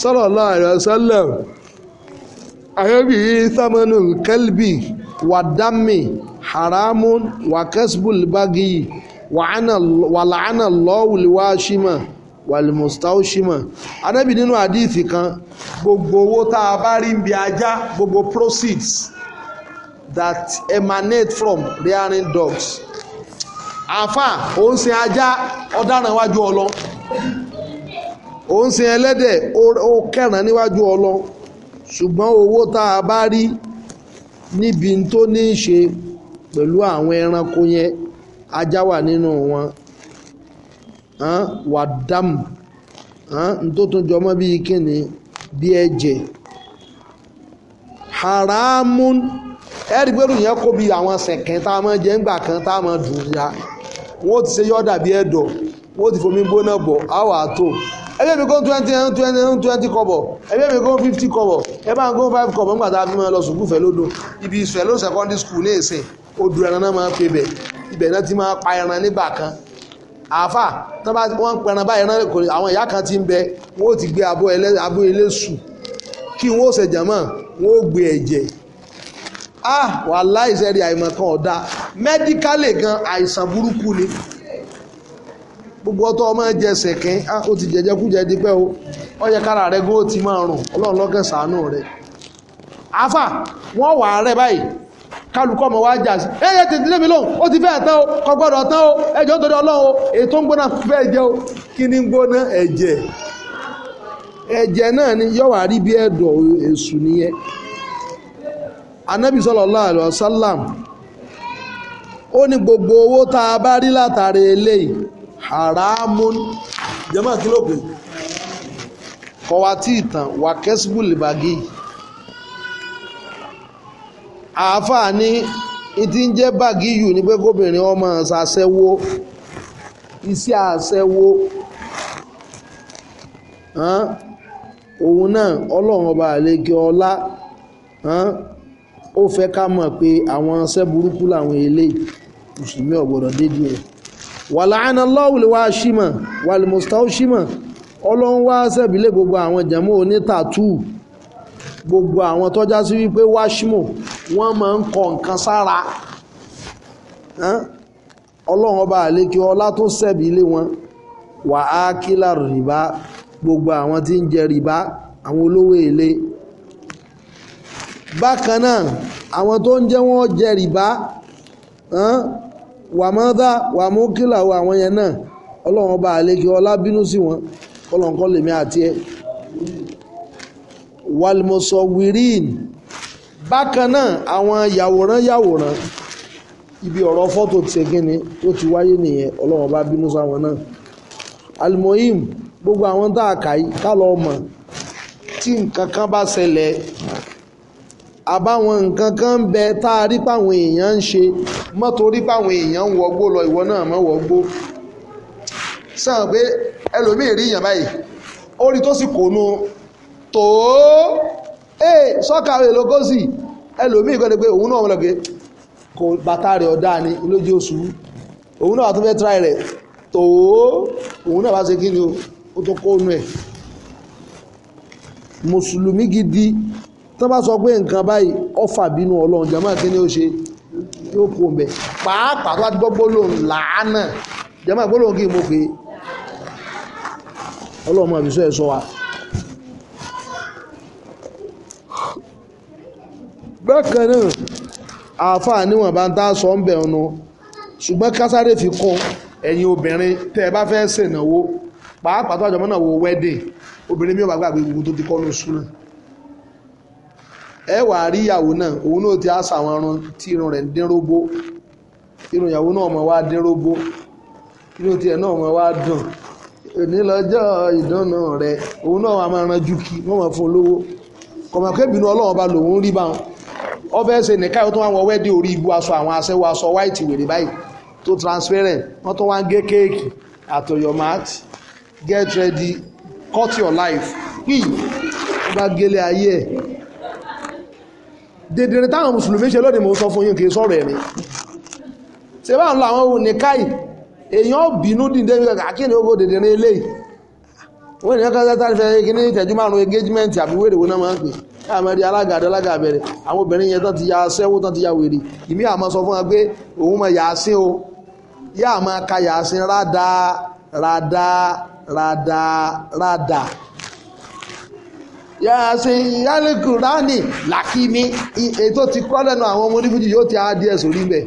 sallallahu alaihi wasallam ànábì yìí sámánù kẹlbì wàdámì haramun wàkẹ́sbùl wàlàánà lọ́wùlíwá ṣímà wàlìmọ̀stáwó ṣímà anábì nínú àdíìtì kan gbogbo owó tá a bá rí bí ajá gbogbo proceeds that emanate from rearing dogs àfà ó ajá ọ̀daràn wájú ọlọ ó ẹlẹ́dẹ̀ ó kẹràn níwájú ọlọ ṣùgbọ́n owó tá a bá rí níbi tó ní í ṣe pẹ̀lú àwọn ẹranko yẹn ajá wà nínú wọn wà dáàmù tó tún jọmọ́ bíi kíni bí ẹ̀jẹ̀ haramun ẹ̀rí gbẹ́rù yẹn kó bí àwọn sẹ̀kẹ́ tá a máa jẹ́ ńgbà kan tá a máa dùn ya wọ́n ti ṣe yọ́ọ̀dà bí ẹ̀dọ̀ wọ́n ti fomi gbóná bọ̀ àwọ̀ àtò ẹgbẹ́ mi kó twenty twenty twenty kọ́bọ̀ ẹgbẹ́ mi kó fifty kọ́bọ̀ ẹgbẹ́ mi kó five kọ́bọ̀ nígbà tá a fi máa lọ sùkúù fẹ́ lódò ibi ìfẹ́ ló secondary school ní èsìn odò na ma máa pe ibẹ̀ náà ti máa pa ẹran nígbà kan àáfà tó bá pẹran báyìí náà àwọn ìyá kan ti ń bẹ wọ́n ti gbé abọ́ eléṣù kí wọ́n ò ṣẹ̀jà mọ́ wọ́n ó gbé a ah, wà láìsẹ ìṣẹ́rí àìmọ̀ kan ọ̀dà gan àìsàn burúkú ni gbogbo ọtọ ọmọ ah, ó ti jẹjẹ kú jẹ o ó yẹ kára rẹ ti máa rùn wà á rẹ kálukọ́ ọmọ wa jà sí ẹ̀yẹ tètè lé mi lóhùn ó ti fẹ́ tán o kò gbọ́dọ̀ tán o ẹjọ́ torí ọlọ́run o ètò ń gbóná fẹ́ jẹ́ o kí ni ń gbóná ẹ̀jẹ̀ ẹ̀jẹ̀ náà ni yọ̀wá rí bí ẹ̀dọ̀ èṣù nìyẹn anabi sallallahu alaihi wasallam ó ní gbogbo owó tá a bá rí látàrí eléyìí haramun jẹ́mọ́ kí ló pè kọ́wá tí ìtàn wà kẹ́sìbù lìbàgì yìí àáfàá ní ń jẹ́ bàgíyù ní pé ọmọ iṣẹ́ òun náà ọlọ́run ọba àlejò ọlá ó fẹ́ ká mọ̀ pé àwọn burúkú làwọn eléyìí ẹ̀ wà láàánà wá ṣímọ̀ wà lè ó gbogbo àwọn onítàtúù gbogbo àwọn tọ́já sí wípé wáṣímù wọ́n máa ń kọ nǹkan sára ọlọ́run ọba àlékí ọlá tó sẹ̀bi ilé wọn wà á kílà rìbá gbogbo àwọn tí ń jẹ rìbá àwọn olówó èlé bákan náà àwọn tó ń jẹ́ wọ́n jẹ rìbá wà mọ́dá wà mú kílà wọ àwọn yẹn náà ọlọ́run ọba àlékí ọlá bínú sí wọn ọlọ́run kọ́ lèmi àti ẹ walmosowirin bákan náà àwọn yàwòrán yàwòrán ibi ọ̀rọ̀ fọ́tò ti ṣe kíni tó ti wáyé nìyẹn ọlọ́run bá bínú sáwọn náà almohim gbogbo àwọn tá a kà yí ká lọ mọ̀ tí nǹkan kan bá ṣẹlẹ̀ àbáwọn nǹkan kan ń bẹ tá a rí páwọn èèyàn ń ṣe mọ́tò rí páwọn èèyàn ń wọgbó lọ ìwọ náà mọ́ wọgbó sàn pé ẹlòmíì rí èèyàn báyìí ó rí tó sì kónú tòó ee eh, sọ́kàwé lókòsì ẹlòmíì kọ́ ni pé òun náà lọ́gẹ́ kò bàtà rẹ̀ ọ̀dá ni lójú oṣù òun náà tó fẹ́ tíráì rẹ̀ tòó òun náà bá ṣe kí ni ó tó kó nu ẹ̀ mùsùlùmí gidi tó bá sọ pé nǹkan báyìí ọfà bínú ọlọ́run jama kí ni ó ṣe yóò kó mbẹ pàápàá tó bá ti gbọ́ gbólóhùn làánà jama gbólóhùn kí n mọ̀ pé ọlọ́run mọ̀ àbísọ́ ẹ̀ sọ wa. bákan náà àáfàá níwọ̀n bá ń tá a sọ ń bẹ̀ ọ́nà ṣùgbọ́n kásáré fi kún ẹ̀yin obìnrin tẹ́ ẹ bá fẹ́ ṣènáwó pàápàá tó àjọmọ́ náà wo wedding obìnrin mi ò bá gbàgbé gbogbo tó ti kọ́ lóṣù náà ẹ wà rí ìyàwó náà òun náà ti á sàwọn irun tí irun rẹ̀ ń dín róbó irun ìyàwó náà mọ̀ wá dín róbó irun tiẹ̀ náà mọ̀ wá dùn nílọ́jọ́ ìdáná rẹ̀ òun náà wà máa ranjú kí wọ́n máa fún olówó kọ̀mọ̀kẹ́bìnrin ọlọ́wọ́n ba lòun rí báwọn ọ bẹ́ẹ̀ ṣe nìkan tó wọn wọ́wẹ́ di orí ibu aṣọ àwọn aṣẹ́wó aṣọ white wèrè báyìí tó transparent wọ́n tó wọn gé kéèkì àtọ̀ get ready cut your life yìí wọ́n bá gélé ayé ẹ̀ dèdèrè táwọn mùsùlùmí ṣe sọ fún yín kì í sọ̀rọ̀ báwọn lọ àwọn èèyàn bínú dìde ó dèdèrè eléyìí fẹ́ kí ní ìtẹ̀jú márùn-ún engagement àmọ́ di alága àdé alága àbẹ̀rẹ̀ àwọn obìnrin yẹn tán ti ya sẹ́wó tán ti ya wèrè ìmí àmọ́ sọ fún wa pé òun mọ̀ yàásín o yá àmọ́ ka yàásín rádà rádà rádà rádà yàásín yálẹ́kùránì làkíní ètò ti kọ́ lẹ́nu àwọn ọmọ onífújì yóò ti á díẹ̀ sórí bẹ́ẹ̀.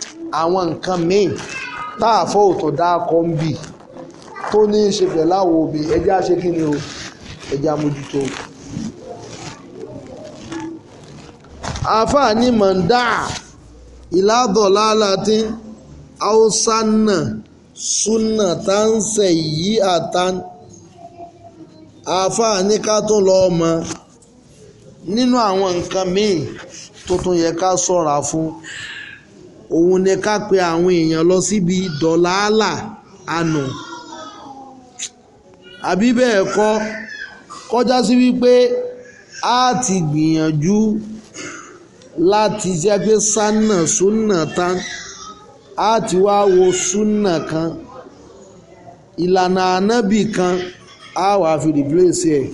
àwọn nǹkan míì táàfọ́ òtò dáàkọ́ ń bì tó ní í ṣe pẹ̀lú àwọn òbí ẹja ṣe kí ni o ẹja mójútó. àáfàá ní mọ̀ndà ìlàdọ̀láàlàtí haúsánà súnà táǹsẹ̀ yìí àtàn àáfàá ní ká tó lọ́ọ́ mọ́ nínú àwọn nǹkan míì tó tún yẹ ká ṣọ́ra fún òun ni ká pe àwọn èèyàn lọ síbi dọ̀làálà àná àbí bẹ́ẹ̀ kọ́ kọjá sí wípé a ti gbìyànjú láti jẹ́ pé sánà súnà tán a ti wá wo súnà kan ìlànà ànábì kan a wà fi replace ẹ̀.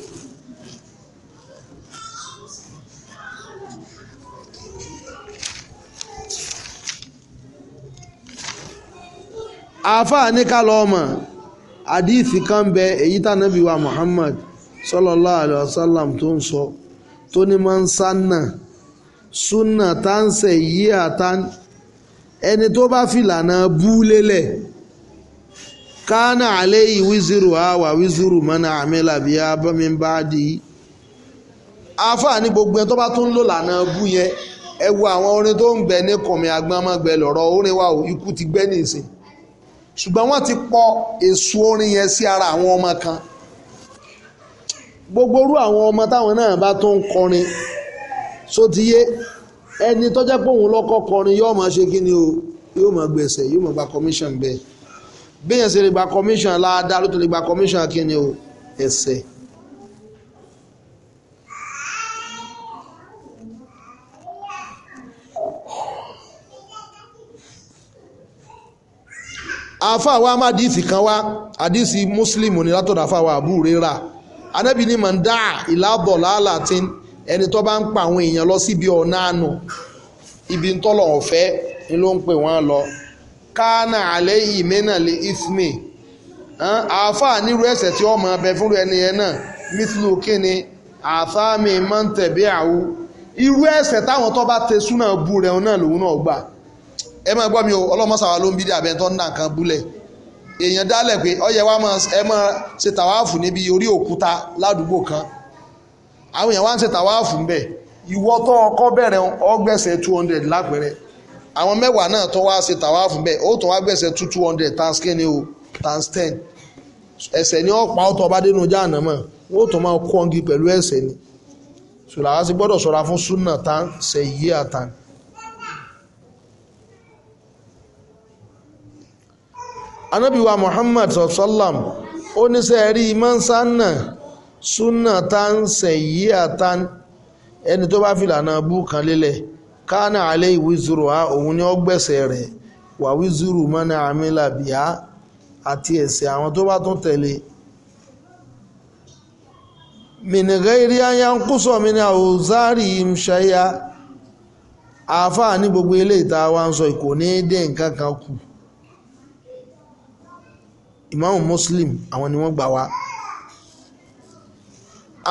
afa ní ká lọ́ọ́ mọ̀ àdìsí kan bẹ èyí tá nàbí wa Muhammad sallallahu alayhi wa sallam tó ń sọ tó ní máa ń sánà súnà tá ń sẹ̀ yí àtàn ẹni tó bá fìlànà bú lélẹ̀ kánà àléyìí wíṣírù àwà wíṣírù mọ́nà àmìlà bí abọ́míbá di àáfàá ní gbogbo ẹni tó bá tún lò lànà bú yẹn ẹ wo àwọn orin tó ń gbẹ orin wa ikú ti gbẹ́ nìsín ṣùgbọ́n wọ́n ti pọ èso orin yẹn sí ara àwọn ọmọ kan gbogbo orú àwọn ọmọ táwọn náà bá tó ń kọrin sótìyé ẹni tọ́jà pé òun lọ́kọ́ kọrin yóò máa ṣe kí ni o yóò máa gbèsè yóò máa gba commission bẹ́ẹ̀ bẹ́ẹ̀ yẹn ṣe lè gba commission aláàdá ló tó lè gba commission kí ni o ẹsẹ̀. E àáfàá wa má díìsì kan wá àdíìsì mùsùlùmù ni látọ̀dọ̀ àáfàá wa àbú rírà anábì ní mọ̀ndá ìlàbọ̀ láàlàtín ẹni tó bá ń pa àwọn èèyàn lọ síbi ọ̀nà àánú ibi ń tọ́lọ̀ ọ̀fẹ́ ni ló ń pè wọ́n lọ kánà alẹ́ yìí mẹ́nà lè ismi àáfàá nírú ẹ̀ṣẹ̀ tí ọmọ abẹ fúnru ẹni yẹn náà mithlu kíni àtàmì mọ́ntẹ̀bí àwù irú ẹ̀ṣẹ̀ táwọn tó bá tẹ súnà bú rẹ̀ náà lòun náà gbà ẹ máa gbọ́ mi o ọlọ́mọsàwá ló ń bí dé àbẹ́ntọ́ ń dà búlẹ̀ èèyàn dálẹ̀ pé ọyẹ wa ẹ máa ṣe tàwáàfù níbi orí kan àwọn èèyàn wá ń ṣe tàwáàfù ìwọ tó ọkọ bẹ̀rẹ̀ ọgbẹ̀sẹ̀ two hundred lápẹ̀rẹ̀ àwọn mẹ́wàá náà tó wá ṣe tàwáàfù ó tó wá gbẹ̀sẹ̀ two hundred times kí o times ten ẹsẹ̀ ni ọ̀pá ọ̀tọ̀ mọ̀ tó máa kọ́ ọ́ngi pẹ̀lú ẹsẹ̀ ni gbọ́dọ̀ fún súnà tán anábìwá muhammad sallam ó ní sẹ́ẹ̀rí mọ́nsánà súnà tán sẹ̀yí àtàn ẹni tó bá fìlànà bú kan lélẹ̀ kánà alẹ́ ìwízuru ha òun ni ó gbẹ̀sẹ̀ rẹ̀ wà wízuru mọ́nà àmìlà bíá àti ẹ̀ṣẹ̀ àwọn tó bá tún tẹ̀lé mìnìgẹ́ irí ayá ń kúsọ̀ mi ní àwòzárì ìmṣẹ́yà àáfàá ní gbogbo ilé ìta wa ń sọ ìkò ní dé nǹkan kan kù ìmáàmù muslim àwọn ni wọ́n gbà wá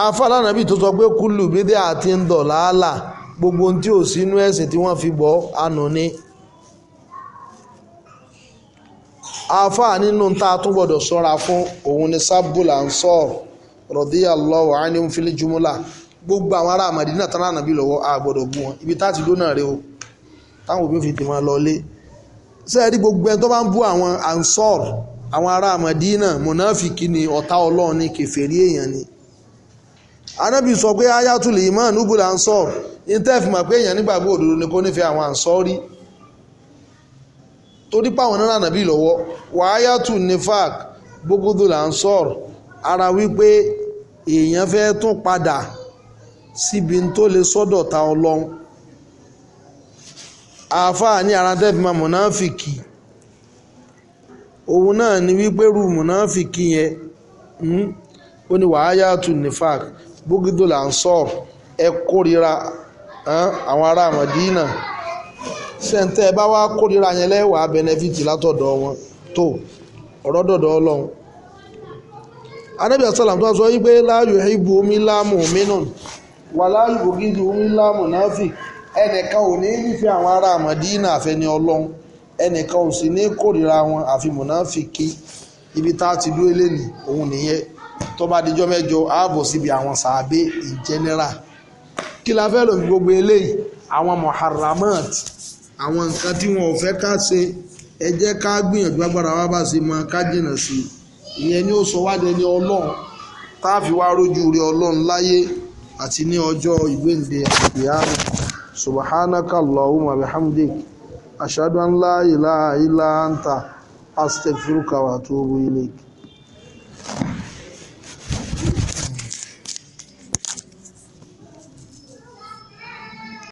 afárá nàbí tó sọ pé kúlù bídẹ́ àti ń dọ̀ làálà gbogbo ohun tí ò sínú ẹ̀sìn tí wọ́n fi bọ́ àná ni afá nínú tá a tún sọ́ra fún òun ni sábúlà ń sọ radiyallahu anhum fil jumla gbogbo àwọn ará Mádínà tán lánàbí lọ́wọ́ a gbọ́dọ̀ bú wọn ibi tá a ti dóná rèé o táwọn òbí fi tèmọ́ lọ lé sẹ́ẹ̀rí gbogbo ẹni tó bá ń bú àwọn ansọ́ọ̀rù àwọn ará àmọ̀dínà mùnáfìkì ni ọ̀tá ọlọ́run ni èèyàn ni anábì sọ pé ayatul iman nubul ansor intef ma pé èèyàn nígbàgbọ́ òdodo ni kò nífẹ̀ẹ́ àwọn ansọ́rí torí páwọn náà nàbí lọ́wọ́ wà ayatul nifak bogudul ansor ara wípé èèyàn fẹ́ tún padà síbi tó lè sọ́dọ̀ ta ọlọ́run àáfàá ní ara òun náà ni wípé rúùmù náà fi kí yẹn hmm, ó ní wàhálà tù nífàk bógídò là ń sọ ẹ kórira eh, àwọn ará àmọ̀dínà sẹ́ńtẹ́ ẹ bá wá kórira yẹn lẹ́wàá bẹnẹfìtì látọ̀dọ̀ wọn tó ọ̀rọ̀ dọ̀dọ̀ ọlọ́run anabi asalam tó sọ wípé láàyò ìbò omi láàmù mínú wà láàyò gidi omi láàmù náà fi ẹnìkan ò ní nífẹ̀ẹ́ àwọn ará àmọ̀dínà ọlọ́run ẹnìkan ò sì ní kórìíra wọn àfi mùnáfìkì ibi tá a ti dúró lẹ́nu òun nìyẹn tó bá dijọ́ mẹ́jọ ààbò síbi àwọn sàábé in general kí la fẹ́ lò fi gbogbo eléyìí àwọn muharramat àwọn nǹkan tí wọn ò fẹ́ ká ṣe ẹ jẹ́ ká gbìyànjú agbára wa bá ṣe máa ká jìnnà sí i ìyẹn ni ó sọ wá dẹni ọlọ́run tá a fi wá rójú rí ọlọ́run láyé àti ní ọjọ́ ìgbéǹde àgbéyàwó subhanaka allahumma bihamdik ashhadu an la ilaha illa anta astaghfiruka wa atubu ilayk